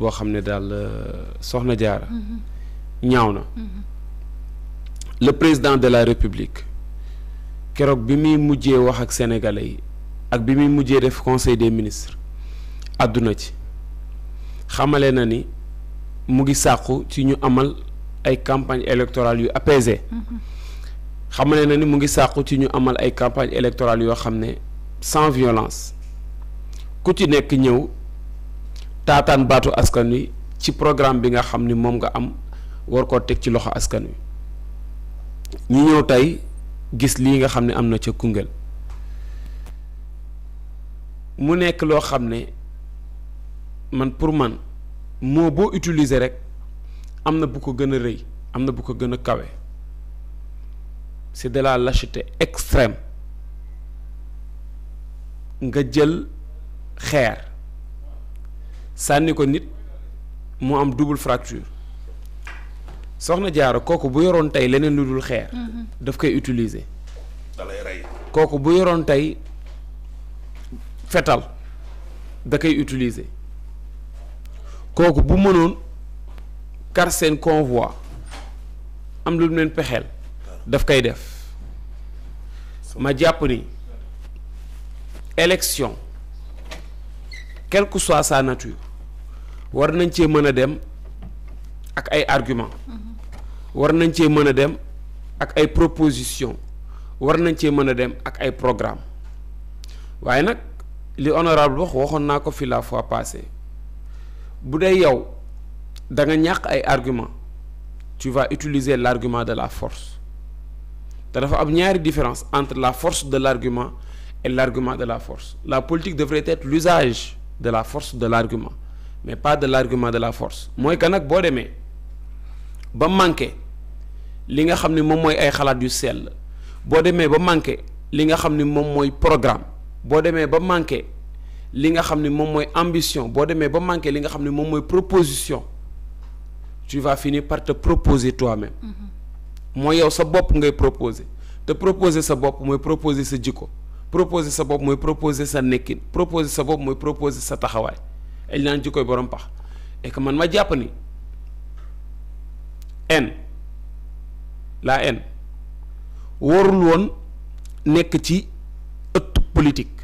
boo xam ne daal euh, soxna jaara mm-hmm. ñaaw na mm-hmm. le président de la république keroog bi muy mujjee wax ak sénégalais yi ak bi muy mujjee def conseil des ministres àdduna ci xamale na ni mu ngi sàqu ci ñu amal ay campagne électorale yu apaisé mm-hmm. xamale na ni mu ngi sàqu ci ñu amal ay campagne électorale yoo xam ne sans violence ku ci nekk ñëw taataan baatu askan wi ci programme bi nga xam ni moom nga am war koo teg ci loxo askan wi ñu ñëw tey gis lii nga xam ne am na ca Koungheul mu nekk loo xam ne man pour man moo boo utiliser rek am na bu ko gën a rëy am na bu ko gën a kawe c'est de la lâcheté extrême nga jël xeer sànni ko nit mu am double fracture soxna jaaro kooku bu yoroon tey leneen lu dul xeer. Mhm. daf koy utiliser. kooku bu yoroon tey fetal da koy utiliser kooku bu mënoon kar seen convoi am lu mu leen pexeel daf koy def ma jàpp ni élection quelle que soit sa nature. war nañ cee mën a dem ak ay argument war nañ cee mën a dem ak ay proposition war nañ cee mën a dem ak ay programme waaye nag li honorable wax waxoon naa ko fi la fois passée bu dee yow da nga ñàkk ay argument tu vas utiliser l'argument de la force te dafa am ñaari différence entre la force de l'argument et l'argument de la force la politique devrait être l'usage de la force de l'argument mais pas de l'argument de la force mooy que nag boo demee ba manqué li nga xam ne moom mooy ay xalaat yu sell boo demee ba manqué li nga xam ne moom mooy programme boo demee ba manqué li nga xam ne moom mooy ambition boo demee ba manqué li nga xam ne moom mooy proposition tu vas finir par te proposer toi-même mm-hmm. mooy yow sa bopp ngay proposer te proposer sa bopp mooy proposer sa jikko proposer sa bopp mooy proposer sa nekkin proposer sa bopp mooy proposer sa taxawaay ay naan jikkoy borom pax et que man ma jàpp ni haine la haine warul woon nekk ci ëtt politique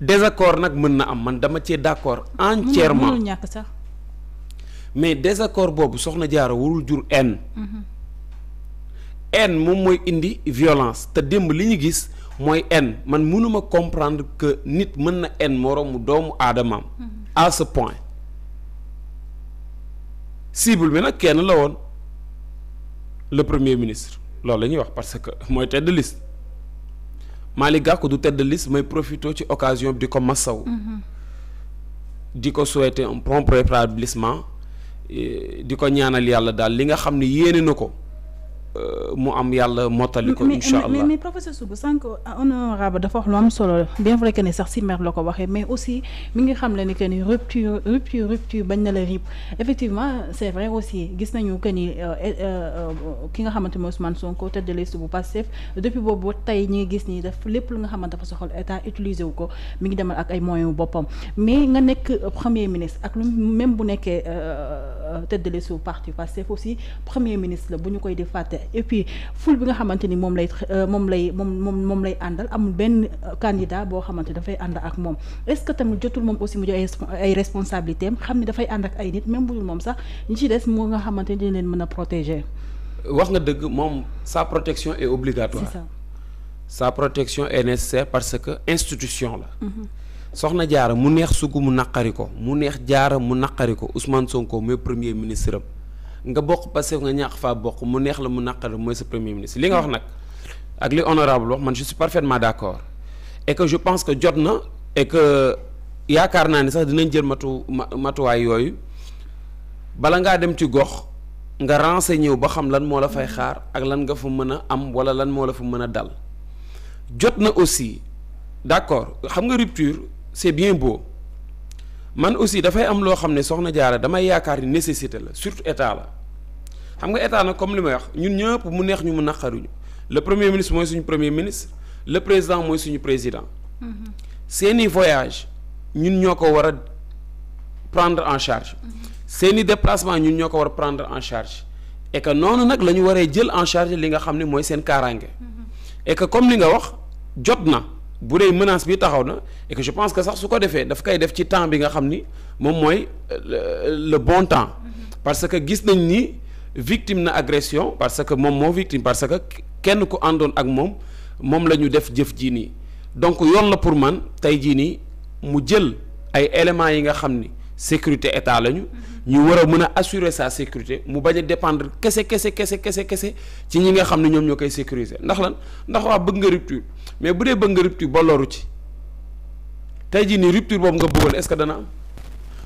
désaccord nag mën na am man dama cee d'accord entièrement mais désaccord boobu soxna jaara warul jur haine mm-hmm. haine moom mooy indi violence te démb li ñu gis mooy haine man mënuma comprendre que nit mën na haine moroomu doomu aadamaam mm-hmm. à ce point cible bi nag kenn la woon le premier ministre loolu la ñuy wax parce que mooy tête de liste Malick Gakou du tête de may profité ci occasion bi di ko massaw mm-hmm. di ko souhaiter un prompt di ko ñaanal yàlla daal li nga xam ni yéene na ko Euh, mu am yàlla mottali ko incha allah mais mais professeur Sougou sànq ah, honorable dafa wax lu am solo bien vrai que ne sax si mer la ko waxee mais aussi mi ngi xam le ni que ni rupture rupture rupture bañ na la rip effectivement c'est vrai aussi gis nañu que ni euh, euh, ki nga xamante mooy Ousmane Sonko tête de liste bu Pastef depuis boobu tey ñi ngi gis nii daf lépp lu nga xamante dafa soxal état utiliser wu ko mi ngi demal ak ay moyens wu boppam mais nga nekk premier ministre ak lu même bu nekkee tête de liste bu parti Pastef aussi premier ministre ñu koy di et puis ful bi nga xamante ni moom lay euh, moom lay moom moom moom lay àndal amul benn euh, candidat boo xamante dafay ànd ak moom est ce que tamit jotul moom aussi mu jox ay responsabilité xam ni dafay ànd ak ay nit même budul moom sax ñi ci des moo nga xamante ni leen mën a protéger. wax nga dëgg moom sa protection est obligatoire. sa protection est nécessaire parce que institution la. Mhm. soxna jaara mu neex sugu mu naqari ko mu neex jaara mu naqari ko Ousmane Sonko mooy ministre nga bokk Pastef nga ñàkk faa bokk mu neex la mu naqar mooy sa premier ministre li nga wax nag ak li honorable wax man je suis parfaitement d'accord et je pense que jot na et que yaakaar naa ni sax dinañ jël matu matuwaay yooyu bala ngaa dem ci gox nga renseigné ñëw ba xam lan moo la fay xaar ak lan nga fa mën a am wala lan moo la fa mën a dal jot na aussi d'accord xam nga rupture c'est bien boo man aussi dafay am loo xam ne soxna jaara damay yaakaar ni nécessité la surtout état la xam nga état na comme li may wax ñun ñëpp mu neex ñu mu naqaruñu le premier ministre mooy suñu premier ministre le président mooy suñu président mm-hmm. seeni voyage ñun ñoo ko war a prendre en charge mm-hmm. seeni déplacement ñun ñoo ko war a prendre en charge et que noonu nag la ñu waree jël en charge li nga xam ne mooy seen kaaraange mm-hmm. et que comme li nga wax jot na bu dee menace bi taxaw na et je pense que sax su ko defee dafa koy def ci temps bi nga xam ni moom mooy le bon temps parce que gis nañ ni victime na agression parce que moom moo victime parce que kenn ku àndoon ak moom moom la ñu def jëf jii nii donc yoon pour man tey jii nii mu jël ay éléments yi nga xam ni sécurité état lañu. ñu war a mën a assurer sa sécurité mu bañ a dépendre kese kese kese kese kese ci ñi nga xam ne ñoom ñoo koy sécuriser ndax lan ndax waa bëgg nga rupture mais bu dee bëgg nga rupture bolooru ci tey jii nii rupture boobu nga bëggoon ce que dana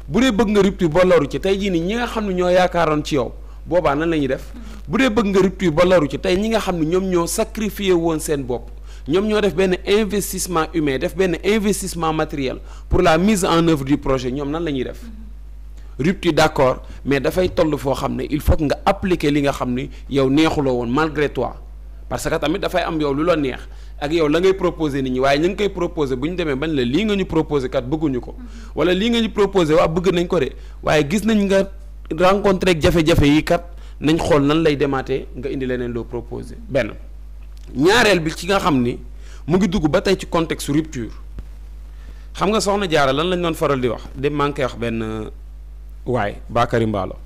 bu dee bëgg nga rupture ba ci tey jii nii ñi nga xam ne ñoo yaakaaroon ci yow boobaa nan la ñuy def bu dee bëgg nga rupture bolooru ci tey ñi nga xam ne ñoom ñoo sacrifié woon seen bopp ñoom ñoo def benn investissement humain def benn investissement matériel pour la mise en œuvre du projet ñoom nan la ñuy def rupture d'accord mais dafay toll foo xam ne il faut que nga appliquer li nga xam ni yow neexuloo woon malgré toi parce que tamit dafay am yow lu la neex ak yow la ngay proposer nit ñi waaye ñu ngi koy proposer bu ñu demee bañ la lii nga ñu proposer kat bëgguñu ko wala lii nga ñu proposer waa bëgg nañ ko de waaye gis nañ nga rencontré ak jafe-jafe yi kat nañ xool nan lay demaatee nga indi leneen loo proposer benn ñaareel bi ci nga xam ni mu ngi dugg ba tey ci contexte rupture xam nga soxna jaara lan lañ doon faral di wax de maa koy wax benn waaye Bakary Mballo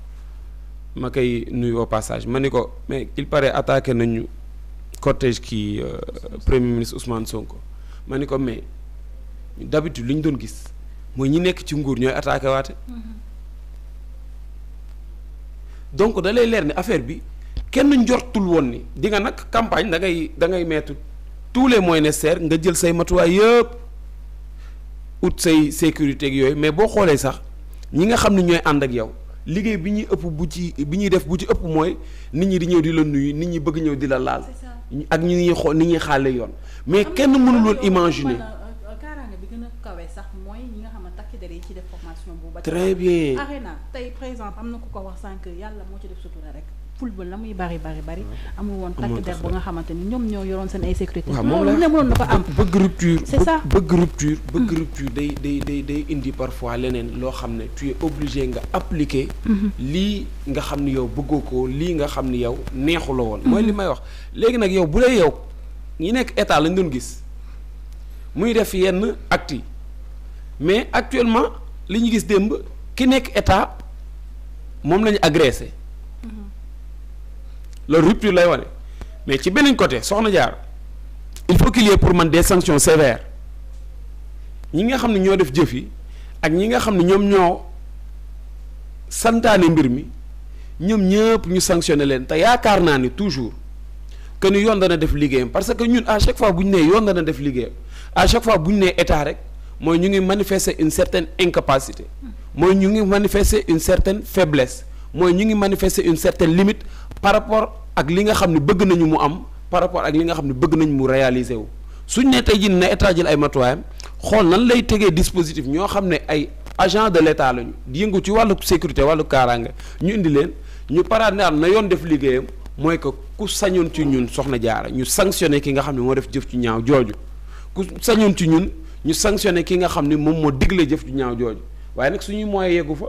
ma koy nuyu au passage ma ni ko mais il paraît attaqué nañu cortège kii euh, premier ministre Ousmane Sonko ma ni ko mais d'habitude lu ñu doon gis mooy ñi nekk ci nguur ñooy attaqué waate mm-hmm. donc da leer ni affaire bi kenn njortul woon ni di nga nag campagne da ngay da ngay mettre tous les moyens nécessaires nga jël say matuwaay yëpp ut say sécurité yooyu mais boo xoolee sax ñi nga xam ne ñooy ànd ak yow liggéey bi ñuy ëpp bu ci bi ñuy def bu ci ëpp mooy nit ñi di ñëw di la nuyu nit ñi bëgg ñëw di la laal ak ñi ñuy xool nit ñuy xaale yoon mais kenn mënul woon imaginer euh, euh, kaaraange bi gën a kawe sax mooy ñi nga xam ne yi ci def formation bu ba très bien arena tey par am na ku ko wax sànq yàlla moo ci def sutura rek pul ba la muy bari bari bari amul woon takk der ba nga xamante ni ñoom ñoo yoroon seen ay sécurité loolu lu ne mënoon na ko am bëgg rupture c'est ça bëgg rupture bëgg mm. rupture day day day day indi parfois leneen loo xam ne tu es obligé nga appliquer mm-hmm. lii nga xam ne yow bëggoo ko lii nga xam ne yow neexuloo woon mooy mm-hmm. li may wax léegi nag yow bu dee yow ñi nekk état lañ doon gis muy def yenn actes yi mais actuellement li ñu gis démb ki nekk état moom la ñu agressé loolu rupture lay wane mais ci beneen côté soxna jaar il faut qu'il pour man des sanctions sévères ñi nga xam ne ñoo def jëf yi ak ñi nga xam ne ñoom ñoo santaane mbir mi ñoom ñëpp ñu sanctionné leen te yaakaar naa ni toujours que ni yoon dana def liggéeyam parce que ñun à chaque fois bu ñu nee yoon dana def liggéeyam à chaque fois bu ñu nee état rek mooy ñu ngi manifester une certaine incapacité mooy ñu ngi manifester une certaine faiblesse mooy ñu ngi manifester une certaine limite par rapport ak li nga xam ne bëgg nañu mu am par rapport ak li nga xam ne bëgg nañu mu réaliser wu suñ ne tey jii na état jël ay matuwaayam xool nan lay tegee dispositif ñoo xam ne ay agent de l' état lañu yëngu ci wàllu sécurité wàllu kaaraange ñu indi leen ñu paraat ne yoon def liggéeyam mooy que ku sañoon ci ñun soxna jaara ñu sanctionné ki nga xam ne moo def jëf ci ñaaw jooju ku sañoon ci ñun ñu sanctionné ki nga xam ni moom moo digle jëf ñaaw jooju waaye nag suñuy moyens yeggu fa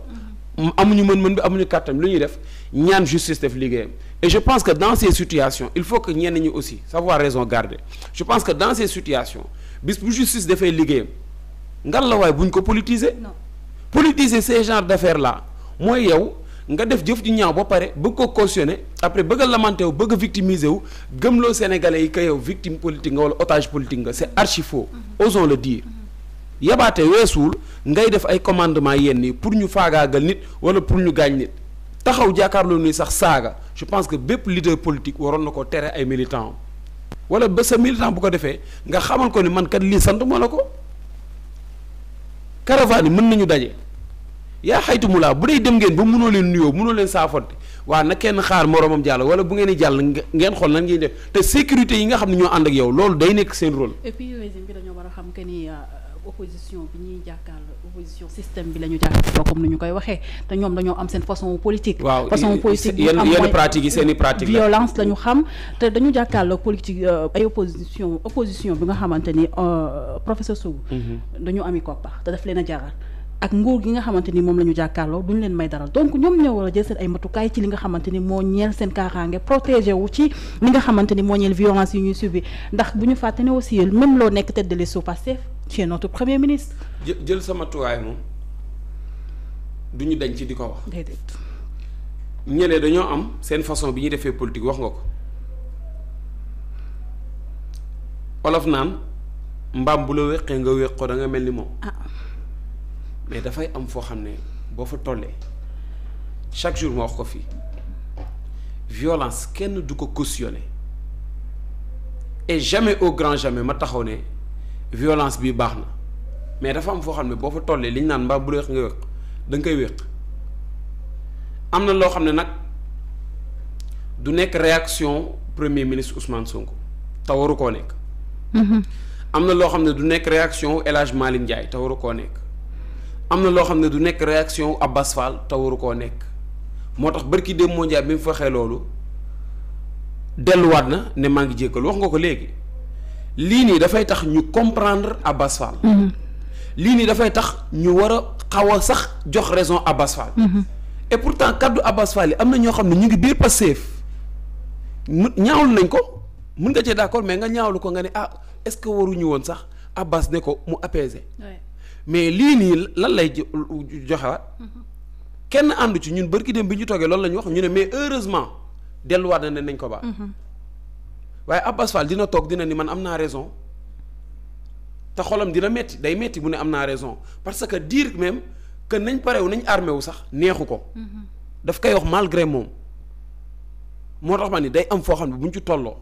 amuñu mën-mën bi amuñu kàttan lu ñuy def ñaan justice def liggéeyam et je pense que dans ces situations il faut que ñenn ñi aussi savoir raison garder je pense que dans ces situations bis bu justice defee liggéeyam ngal la waay buñ ko politiser. non politiser ces genres d'affaires là mooy yow nga def jëf di ñaaw ba pare bëgg ko cautionner après bëgg a lamenté wu bëgg a victimiser wu gëmloo sénégalais yi que yow victime politique nga wala otage politique nga c'est archi faux mm-hmm. osons le dire. yabaate weesuwul ngay def ay commandement yenn yi pour ñu faagaagal nit wala pour ñu gaañ nit taxaw jàkkaarloo nii sax saaga je pense que bépp leader politique waroon na ko tere ay militant wala ba sa militant bu ko defee nga xamal ko ni man kat lii sant moo la ko caravane yi mën nañu daje yaa xaytu mu laa bu dee dem ngeen ba mënoo leen nuyoo mënoo leen saafonte waa na kenn xaar moroomam jàll wala bu ngeen di jàll ngeen xool nan ngeen def te sécurité yi nga xam ne ànd yow loolu day nekk seen rôle. et puis dañoo war a xam que ni. Euh, opposition bi ñuy jàkkaarloo opposition système bi la ñu ko comme ni ñu koy waxee te ñoom dañoo am seen façon politique. waaw façon politique yenn yenn pratiques yi seen i pratiques la violence la ñu xam te dañu jàkkaarloo politique euh, ay opposition opposition bi nga xamante ni euh, professeur Sow. Mhm. dañu ami koppar te daf leen a jaral. ak nguur gi nga xamante ni moom la ñu jàkkaarloo duñu leen may dara donc ñoom ñoo war a jël seen ay matukaay ci li nga xamante moo ñeel seen kaaraange protégé wu ci li ni moo ñeel violence yi ñu fàtte ne aussi même qui est notre premier ministre. jë jël sama tuwaay moom du ñu dañ ci di ko wax. déedéet. dañoo am seen façon bi ñuy defee politik wax nga ko olof naan mbaam bu la wéqee nga wéq ko da nga mel ni moom. Ah. mais dafay am foo xam ne boo fa tollee chaque jour ma wax ko fii violence kenn du ko cautionner et jamais au grand jamais ma taxaw ne. violence bi baax na mais dafa am foo xam ne boo fa tollee li ñu naan mbaa bu dee nga wéq nga koy wéq am na loo xam ne nag du nekk réaction premier ministre Ousmane Sonko te waru koo nekk. Mhm. am na loo xam ne du nekk réaction El Hadj Malick Ndiaye te koo nekk. am na loo xam ne du nekk réaction Abbas Fall te waru koo nekk moo tax barki démb moo Ndiaye bi mu faxee loolu delluwaat na ne maa ngi jéggal wax nga ko léegi. lii nii dafay tax ñu comprendre Abass Fall mhm. lii nii dafay tax ñu war a xaw a sax jox raison Abass Fall mhm. et pourtant kaddu Abass Fall yi am na ñoo xam ne ñu ngi biir Pastef mu ñaawlu nañ ko mun nga cee d'accord mais nga ñaawlu ko nga ne ah est que waruñu woon sax Abass ne ko mu apaiser mais lii nii lan lay joxewaat mhm. kenn àndu ci ñun bërki dem bi ñu toogee loolu la ñu wax ñu ne mais heureusement delluwaat na ne nañ ko baax waaye Abbas Fall dina toog dina ni man am naa raison te xolam dina metti day metti bu ne am naa raison parce que dire même kën nañ parewu nañ armé wu sax neexu ko mm-hmm. daf koy wax malgré moom moo tax ma ni day am foo xam ne bu ci tolloo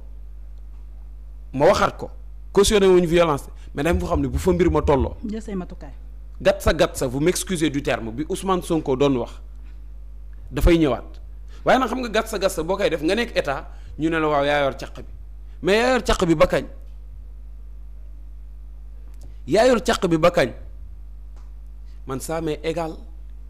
ma waxaat ko cautionné wuñ violence mais day am xam ne bu fa mbir ma tolloo gat sa gat sa vous m'excusez du terme bi Ousmane Sonko doon wax dafay ñëwaat waaye nag xam nga gat sa gat sa boo koy def nga nekk état ñu ne la waaw yaa yor caq bi mais yaa caq bi ba kañ yaa yor caq bi ba kañ man ça m'est égal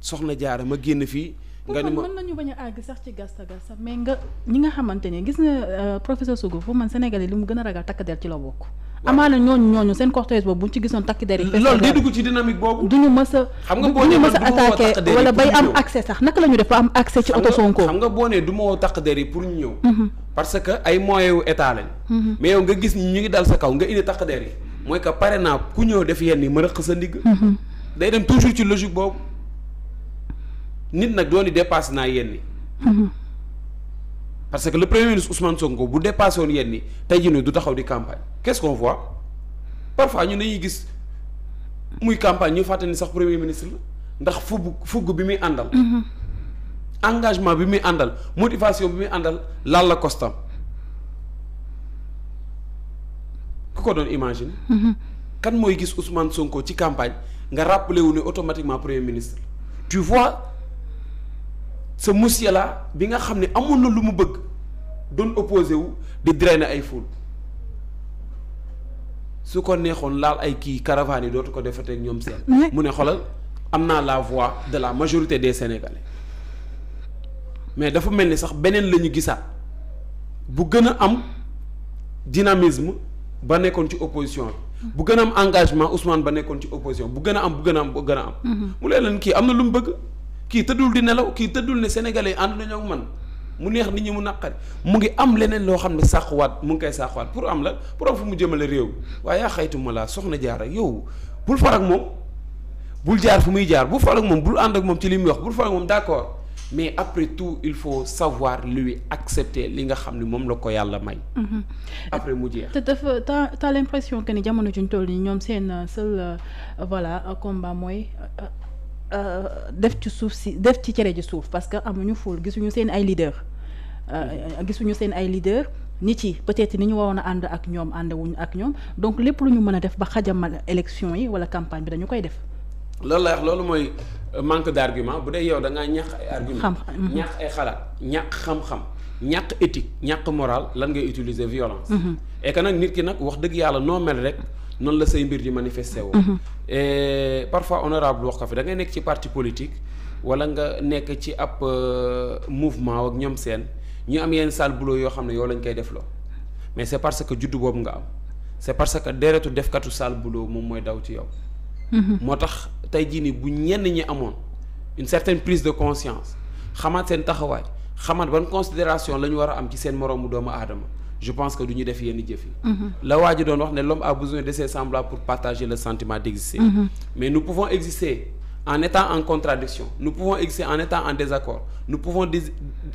soxna jaara ma génn fii. nga ni ma mën nañu bañ a sax ci gas sax mais nga xamante ne gis nga euh, professeur Sougou foofu man Sénégalais li mu gën a ragal takk der ci la bokk. amaana ñooñu ñooñu seen cortège boobu bu ñu ci gisoon takk der yi. loolu day dugg ci dynamique boobu. duñu du ma woo takk der bay am accès sax naka la ñu def am accès ci oto xam nga boo du moo woo takk der yi pour ñu ñëw. Mhm. parce que ay moyens wu état lañ. Mhm. mais yow nga gis ñu ngi dal sa kaw nga indi takk der yi mooy que pare naa ku ñëw def yenn ma mën a ndigg mhm. day dem toujours ci logique boobu nit nag doon di dépassé naa yenn mhm. parce que le premier ministre Ousmane Sonko bu dépassé woon yenn yi tey jii nii du taxaw di campagne qu'est-ce qu'on voit parfois ñu dañuy gis muy campagne ñu fàttali ni sax premier ministre ndax fugg fugg bi muy àndal. engagement bi muy àndal motivation bi muy àndal lan la kostam ku ko doon imaginer. Mhm. kan mooy gis Ousmane Sonko ci campagne nga rappelé wu ne automatiquement premier ministre tu vois ce monsieur bi nga xam ne amoon na lu mu bëgg doon opposé wu di drainer ay foule su ko neexoon laal ay kii caravane yi dootu ko defateeg ñoom seen mu ne xoolal am naa la voix de la majorité des Sénégalais mais dafa mel ni sax beneen la ñu gisaat bu gën a am dynamisme ba nekkoon ci opposition bi mm-hmm. bu gën a am engagement Ousmane ba nekkoon ci opposition bu gën a am bu gën a am bu gën a am. Mm-hmm. mu leen leen kii am na lu mu bëgg kii tëddul di nelaw kii tëddul ne sénégalais ànd nañoo ak man mu neex nit ñi mu naqari mu ngi am leneen loo xam ne sàquwaat mu ngi koy sàquwaat pour am la pour am fu mu jëmale réew waaye yaa xaytu ma laa soxna jaar ak yow bul far ak moom bul jaar fu muy jaar bul far ak moom bul ànd ak moom ci li muy wax bul far ak moom d'accord. mais après tout il faut savoir lui accepter li nga xam ni moom la ko yàlla may. Mhm. après mu jeex. te dafa t'as t'as l'impression que ni jamono juñ toll nii ñoom seen euh, seul euh, voilà euh, combat mooy. def ci suuf si def ci cere ji suuf parce que amuñu ful gisuñu seen ay leader gisuñu seen ay leader nit yi peut-être ni ñu waroon a ànd ak ñoom àndawuñu ak ñoom donc lépp lu ñu mën a def ba xajamal élection yi walla campagne bi dañu koy def loolu lay wax loolu mooy euh, manque d' argument bu dee yow da ngaa ñàkk ay argument mhm. ñàkk ay xalaat ñàkk xam-xam ñàkk éthique ñàkk moral lan ngay utiliser violence mhm. et que nit ki nag wax dëgg yàlla noo mel rek noonu la say mbir di manifester woo mhm. et parfois honorable wax ko fi da ngay nekk ci parti politique wala nga nekk ci ab euh, mouvement ak ñoom seen ñu am yenn sale boulot yoo xam ne yow lañ koy def loo mais c' est parce que juddu boobu nga am c' est parce que deretu defkatu sale boulot moom mooy daw ci yow Mhm. moo tax tey jii nii bu ñenn ñi amoon une certaine prise de conscience xamaat seen taxawaay xamaat ban considération la ñu war a am ci seen moroomu doomu aadama je pense que du ñu def yenn jëf yi mhm. la waa ji doon wax ne l'homme a besoin de ses semblables pour partager le sentiment d'exister. Mhm. mais nous pouvons exister en étant en contradiction nous pouvons exister en étant en désaccord nous pouvons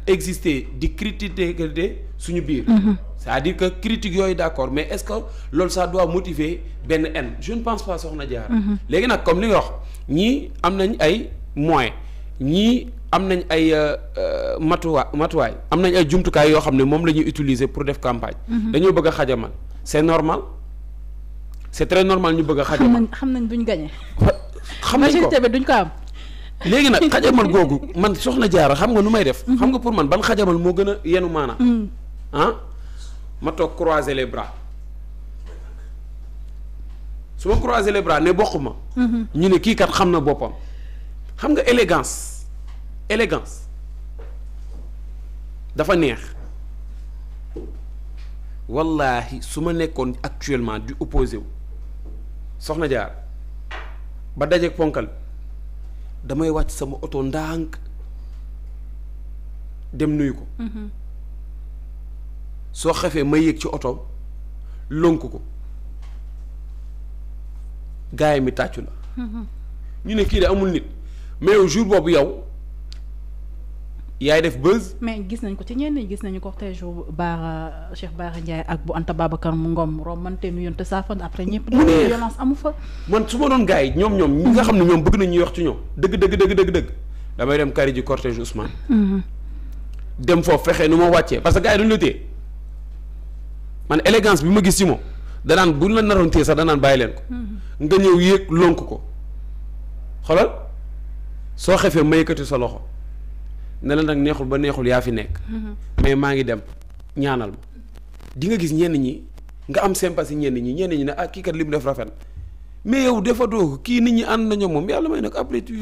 exister di critiquer suñu biir mhm. c'est-à-dire que critique yooyu d'accord mais est-ce que loolu ça doit motiver benn haine je ne pense pas soxna Diarra mhm. léegi nag comme li nga wax ñii am nañ ay moyens ñii am nañ ay euh, euh, matuwa matuwaay am nañ ay jumtukaay yoo xam ne moom la ñuy utiliser pour def campagne mhm. dañoo bëgg a xajamal c'est normal c'est très normal ñu bëgg a xajamal xam nañ duñ gagner xam na ko majorité bi duñ ko am. léegi nag xajamal googu man soxna jaara xam nga nu may def. xam nga pour man ban xajamal moo gën a yenu maana mm-hmm. ah ma toog croiser les bras su ma croiser les ne bokk ma. Mm-hmm. ñu ne kii kat xam na boppam. xam nga élégance élégance dafa neex wallaahi su ma nekkoon actuellement di opposé wu soxna jaar ba dajeeg ponkal damay wàcc sama oto ndànk dem nuyu ko mm-hmm. soo xefee ma yëg ci oto lonk ko gaay mi tàccu la mm-hmm. ñu ne kii de amul nit mais yow jour boobu yow yaay def buzz. mais gis nañ ko ci ñeen ñi gis nañu cortège baax Cheikh baax Ndiaye ak bu Anta Babacar mu Ngom romante nu yoon te saafan après ñëpp. mu ne violence amu fa. man su ma doon gars yi ñoom ñoom. ñi nga xam ne ñoom bëgg nañ ñuy wax ci ñoom. dëgg dëgg dëgg dëgg dëgg damay dem kari ji cortège Ousmane. Mhm. dem foofu fexe nu ma wàccee parce que gars yi duñu la téye man élégance bi ma gis ci moom danaan buñ la naroon tee sax danaan bàyyi leen ko. Mhm. nga ñëw yéeg lonk ko xoolal soo xefee sa loxo. ne la nag neexul ba neexul yaa fi nekk. Mm-hmm. mais maa ngi dem ñaanal ma di nga gis ñenn ñi nga am sympathie ñenn ñi ñenn ñi ne ah kii kat li mu def rafet mais yow defatoo ko kii nit ñi ànd nañoo moom yàlla may nekk après tu